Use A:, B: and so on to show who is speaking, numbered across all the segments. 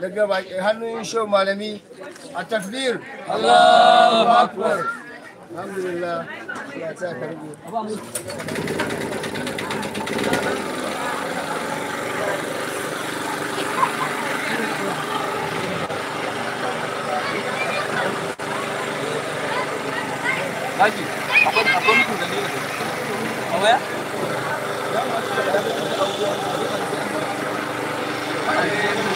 A: daga baki hannun shi malami a takbir Allahu akbar alhamdulillah ya ta karbi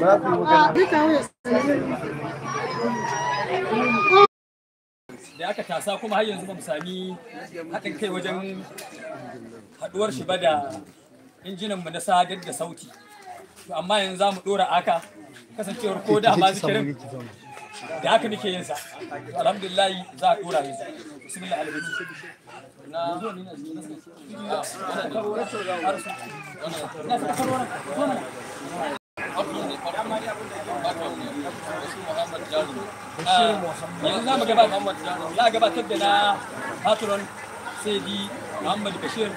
A: da aka tasa kuma har yanzu ba mu sami haɗin kai wajen haɗuwar shi ba da injinanmu na sadar da sauti to amma yanzu za mu ɗora aka kasancewar ko da ma zikirin da haka muke yin sa alhamdulillah za a ɗora yanzu bismillah alhamdulillah na zuwa ne na zuwa na na na na na na yanzu za gabatar da na patron sai di muhammad bashir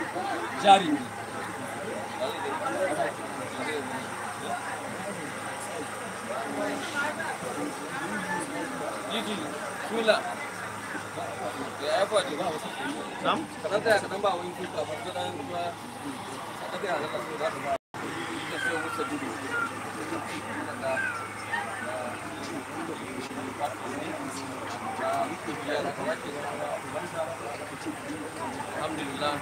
A: jarumi sendiri. Alhamdulillah.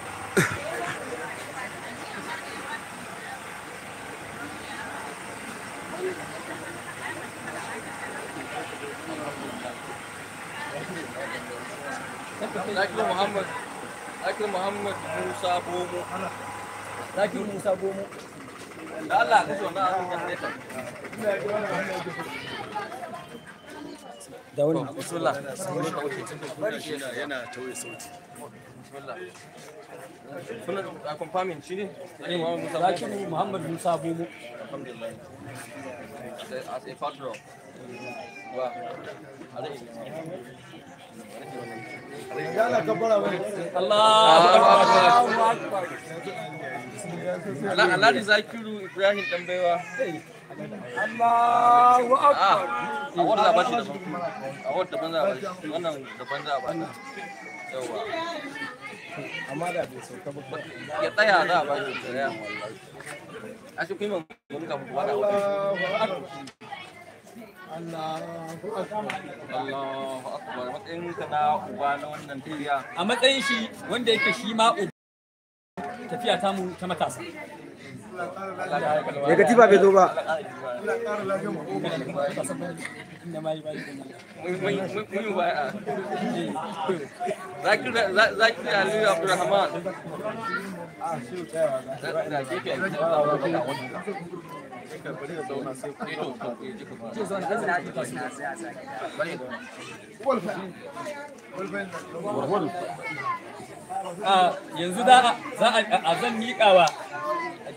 A: Lagi Muhammad, lagi Muhammad Musa Bumu, lagi Musa Bumu. da wani bismillah yana tauye sauti sunan a kwamfamin shi ne ne muhammad musa bomo alhamdulillah as a father of wa Allah Alhaji Zakiru Ibrahim Dambaiwa. Allahu ah, Akbar. A wadda ba shi da A za a bashi. Wannan da ban za a bata. Yawwa. Amma da bai sauka ba.
B: Ya tsaya za a bashi da
A: A shi kuma mun da Allah Akbar. Matsayin ka na uba na wannan A matsayin shi wanda yake shi ma tafiya tamu ta matasa daga tiba bai zo ba zaki
B: Ah, yanzu za
A: a zan miƙa wa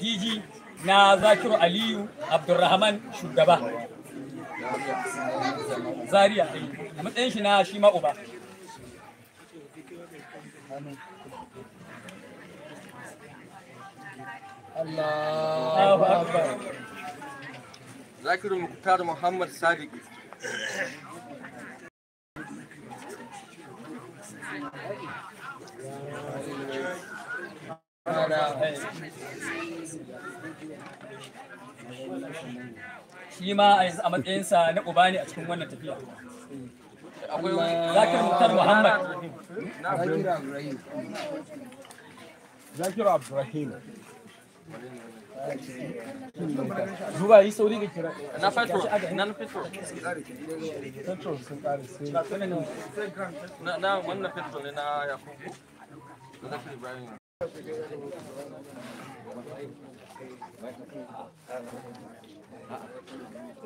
A: DG na Zakiru Aliyu Abdulrahman shugaba. Eh, matsayin shi na shi uba. Zakiru Muhammad Sadiq. Thank you. shi ma a matsayinsa na uba ne a cikin wannan tafiya zakir muhammad zakir abdurrahim Zuba yi sauri ga kira. Na na sun ƙare sai. Na wannan ne na Yakubu. Zakir Ibrahim. Thank you.